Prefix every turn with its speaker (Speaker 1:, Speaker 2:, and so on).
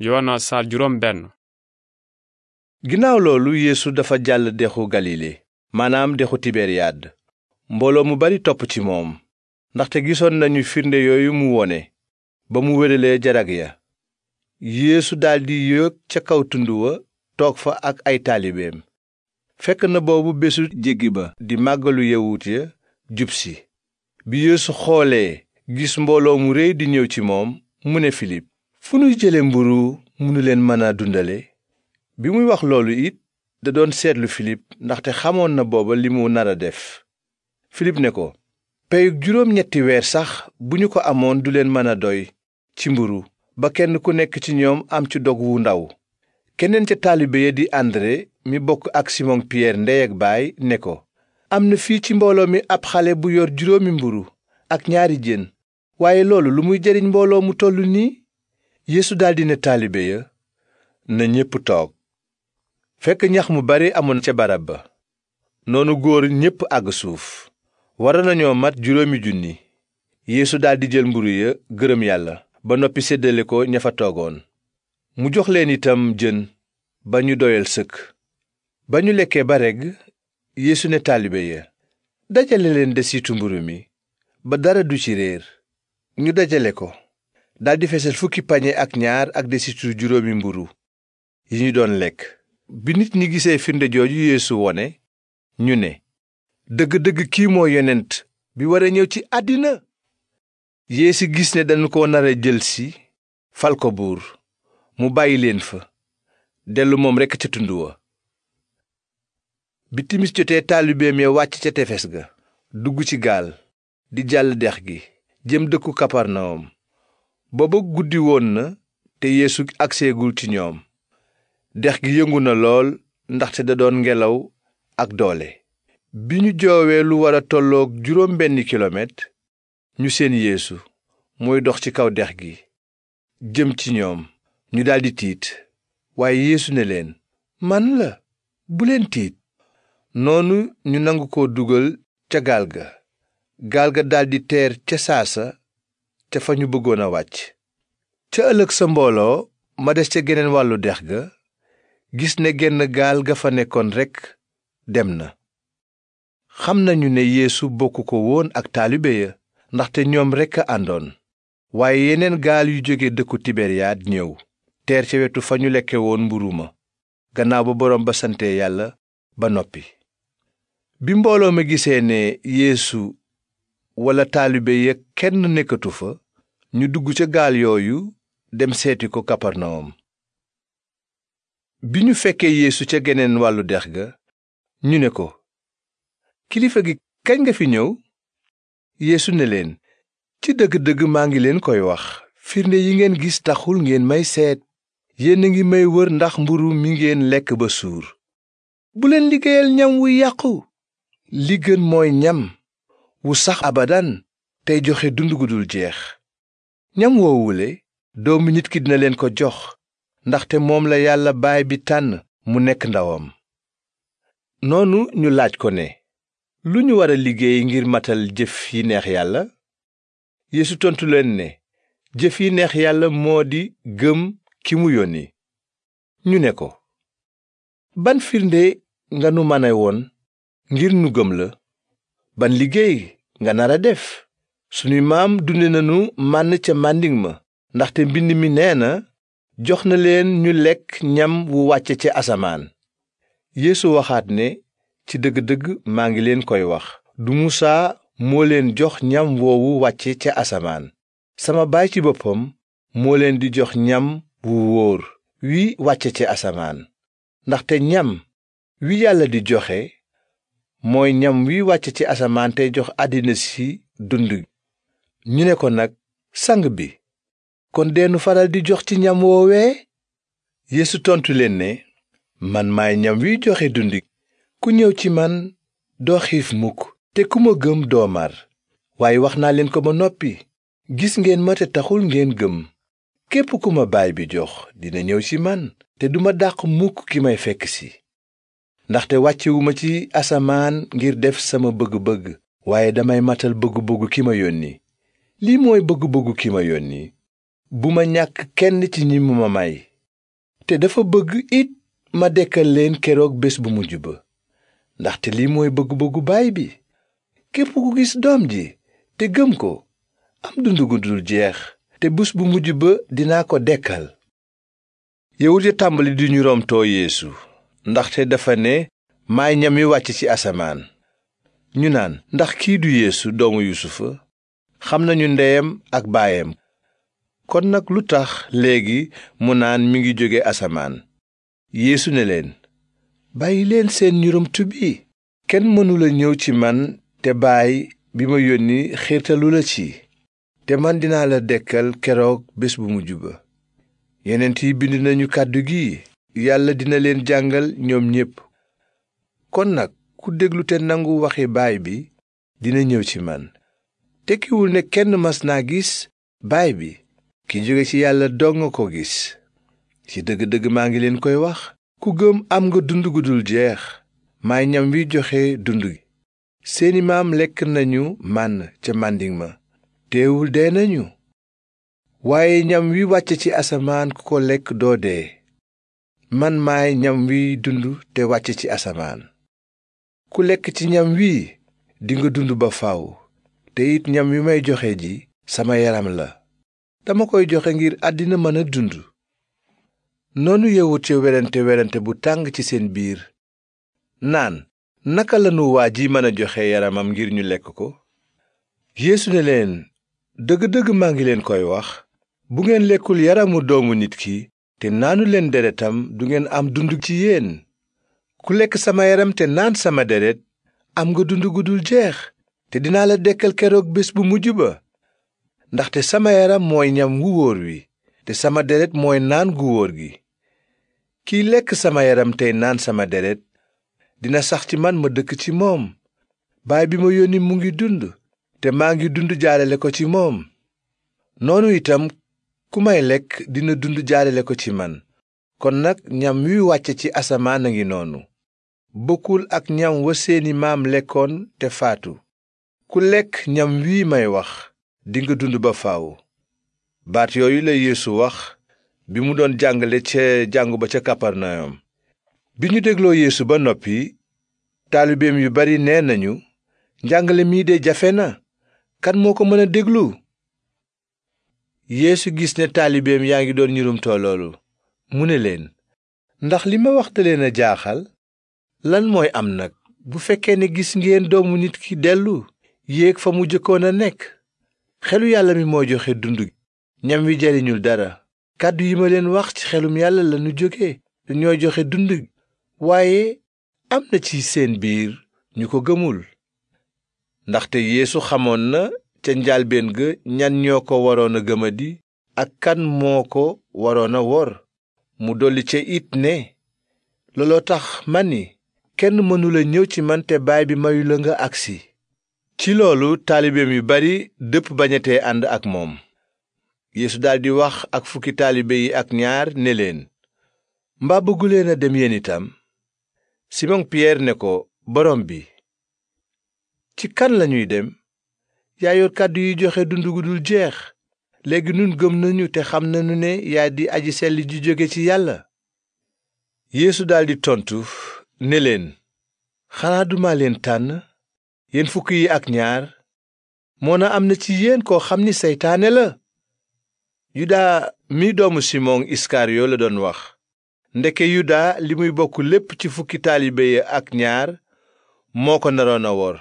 Speaker 1: yoona saar juróom benn ginnaaw loolu yeesu dafa jàll dexu galile maanaam dexu tiberiyaad mbooloo mu bari topp ci moom ndaxte gisoon nañu firnde yooyu mu wone ba mu wéralee jarag ya yéesu daldi yéeg ca kaw tund wa toog fa ak ay taalibeem fekk na boobu bésu jéggi ba di màggalu yawut ya jub bi yeesu xoolee gis mbooloo mu réy di ñëw ci moom mu ne filip fu nuy jële mburu mu nu leen mën a dundale bi muy wax loolu it da doon seetlu filip ndaxte xamoon na booba li mu nar a def filip ne ko peyug juróom ñetti weer sax bu ñu ko amoon du leen mën a doy ci mburu ba kenn ku nekk ci ñoom am ci dog wu ndaw keneen ca taalibe ya di andre mi bokk ak simon piyeer ndey ak baay ne ko am na fii ci mbooloo mi ab xale bu yor juróomi mburu ak ñaari jën waaye loolu lu muy jariñ mbooloo mu toll nii yeesu daldi ne taalibe ya na ñépp toog fekk ñax mu bari amoon ca barab ba noonu góor ñépp àgg suuf wara nañoo mat juróomi junni yéesu daldi jël mburu ya gërëm yàlla ba noppi séddale ko ña fa toogoon mu jox leen itam jën ba ñu doyal sëkk ba ñu lekkee ba regg yeesu ne taalibe ya dajale leen desitu mburu mi ba dara du ci réer ñu dajale ko daldi feesal fukki pañe ak ñaar ak desitu juróomi mburu yi ñu doon lekk bi nit ñi gisee firnde jooju yeesu wone ñu ne dëgg-dëgg kii moo yonent bi wara ñëw ci àddina yeesu gis ne dañu ko nara jëlsi fal ko buur mu bàyyi leen fa dellu moom rekk ca tund wa bi timis jotee taalibeem ya wàcc ca tefes ga dugg ci gaal di jàll dex gi jëm dëkku kaparnawum booba guddi woon na te yeesu agseegul ci ñoom dex gi yëngu na lool ndaxte da doon ngelaw ak doole bi ñu joowee lu war a tolloog juróom benn kilomètre ñu seen yéesu muy dox ci kaw dex gi jëm ci ñoom ñu daldi tiit waaye yéesu ne leen man la bu leen tiit noonu ñu nangu ko dugal ca gaal ga gaal ga daldi teer ca saasa ca fa ñu bëggoon a wàcc ca ëllëg sa mbooloo ma des ca geneen wàllu dex ga gis ne genn gaal ga fa nekkoon rekk dem na xam nañu ne yéesu bokk ko woon ak taalibe ya ndaxte ñoom rekk a àndoon waaye yeneen gaal yu jóge dëkku tiberiyaad ñëw teer ca wetu fa ñu lekke woon mburu ma gannaaw ba boroom ba sante yàlla ba noppi bi mbooloo ma gisee ne yéesu walla taalibe ya kenn nekkatu fa ñu dugg ca gaal yooyu dem seeti ko kaparnawum bi ñu fekkee yéesu ca geneen wàllu dex ga ñu ne ko kilifa gi kañ nga fi ñëw yéesu ne leen ci dëgg-dëgg maa ngi leen koy wax firnde yi ngeen gis taxul ngeen may seet yéen a ngi may wër ndax mburu mi ngeen lekk ba suur bu leen liggéeyal ñam wu yàqu li gën mooy ñam wu sax abadan tey joxe dund gudul jeex ñam woowule doomu nit ki dina leen ko jox ndaxte moom la yàlla baay bi tànn mu nekk ndawam noonu ñu laaj ko ne lu ñu war a liggéey ngir matal jëf yi neex yàlla yeesu tontu leen ne jëf yi neex yàlla moo di gëm ki mu yónni ñu ne ko ban firnde nga nu mane woon ngir nu gëm la ban liggéey nga nar a def suñuy maam dunde nanu mànn ca màndiŋ ma ndaxte mbind mi nee na jox na leen ñu lekk ñam wu wàcce ca asamaan yéesu waxaat ne ci dëgg-dëgg maa ngi leen koy wax du musaa moo leen jox ñam woowu wàcce ca asamaan sama baay ci boppam moo leen di jox ñam wu wóor wi wàcce ca asamaan ndaxte ñam wi yàlla di joxe mooy ñam wi wàcce ci asamaan tey jox àddina si dund ñu ne ko nag sang bi kon deenu faral di jox ci ñam woowee yéesu tontu leen ne man maay ñam wiy joxe dundi ku ñëw ci man doo xiif mukk te ku ma gëm doo mar waaye wax naa leen ko ba noppi gis ngeen ma te taxul ngeen gëm képp ku ma baay bi jox dina ñëw ci man te duma dàq mukk ki may fekk si ndaxte wàccewuma ci asamaan ngir def sama bëgg-bëgg waaye damay matal bëgg-bëgg ki ma yónni lii mooy bëgg-bëggu ki ma yónni bu ma ñàkk kenn ci ñi mu ma may te dafa bëgg it ma dekkal leen keroog bés bu mujj ba ndaxte lii mooy bëgg-bëggu baay bi képp ku gis doom ji te gëm ko am dund gu jeex te bés bu mujj ba dinaa ko dekkal yawut tàmbali di ñu romtoo yeesu ndaxte dafa ne maay wàcc ci asamaan ñu naan ndax kii du yeesu xam nañu ndeyam ak baayam kon nag lu tax léegi mu naan mi ngi jóge asamaan yéesu ne leen bàyyi leen seen ñurumtu bi kenn mënula ñëw ci man te baay bi ma yónni xiirtalu la ci te man dinaa la dekkal keroog bés bu mujj ba yeneent yi bind nañu kàddu gi yàlla dina leen jàngal ñoom ñépp kon nag ku déglu te nangu waxi baay bi dina ñëw ci man tekkiwul ne kenn mas naa gis baay bi ki jóge ci yàlla nga ko gis ci dëgg-dëgg maa ngi leen koy wax ku gëm am nga dund gu dul jeex maay ñam wi joxe dund gi seeni maam lekk nañu mànn ca màndiŋ ma teewul dee nañu waaye ñam wi wàcc ci asamaan ku ko lekk doo dee man may ñam wiy dund te wàcc ci asamaan ku lekk ci ñam wii dinga dund ba faw te it ñam wi may joxe ji sama yaram la dama koy joxe ngir àddina mën a dund noonu yëwut ci werante werante bu tàng ci seen biir naan naka lanu waa ji mën a joxe yaramam ngir ñu lekk ko yeesu ne leen dëgg-dëgg maa ngi leen koy wax bu ngeen lekkul yaramu doomu nit ki te naanu leen deretam du ngeen am dund ci yéen ku lekk sama yaram te naan sama deret am nga dund gu jeex te dinaa la dekkal keroog bés bu mujj ba ndaxte sama yaram mooy ñam wu wóor wi te sama deret mooy naan gu wóor gi kiy lekk sama yaram tey naan sama deret dina sax ci man ma dëkk ci moom baay bi ma yónni mu ngi dund te maa ngi dund jaarale ko ci moom noonu itam ku may lekk dina dund jaarale ko ci man kon nag ñam wi wàcce ci asamaan a ngi noonu bokkul ak ñam wa seeni maam lekkoon te faatu ku lekk ñam wii may wax dinga dund ba faaw baat yooyu la yéesu wax bi mu doon jàngale ca jàngu ba ca kaparnayom bi ñu dégloo yéesu ba noppi taalibeem yu bari nee nañu njàngale mii de jafe na kan moo ko mën a déglu yéesu gis ne taalibeem yaa ngi doon ñurum tooloolu mu ne leen ndax li ma waxta leen jaaxal lan mooy am nag bu fekkee ne gis ngeen doomu nit ki dellu yéeg fa mu jëkkoon a nekk xelu yàlla mi moo joxe dund gi ñam wi jariñul dara kàddu yi ma leen wax ci xelum yàlla lanu jóge ñoo joxe dund gi waaye am na ci seen biir ñu ko gëmul ndaxte yéesu xamoon na ca njaalbeen ga ñan ñoo ko waroon a gëmadi ak kan moo ko waroon a wor mu dolli ca it ne looloo tax ma ni kenn mënula ñëw ci man te baay bi mayula nga agsi ci loolu taalibeem yu bari dëpp bañatee ànd ak moom yéesu daldi wax ak fukki taalibe yi ak ñaar ne leen mbaa bëgguleen dem yéen itam simon piyeer ne ko borom bi ci kan lañuy dem yaa kàddu yi joxe dund gu dul jeex léegi nun gëm nañu te xam nañu ne yaa di aji selli ji jóge ci yàlla yéesu daldi tontu ne leen xanaa duma leen tànn yéen fukk yi ak ñaar moona am na ci yéen koo xam ni seytaane la yuda mi doomu simon iskariyo la doon wax ndeke yuda li muy bokk lépp ci fukki taalibe yi ak ñaar moo ko naroon a wor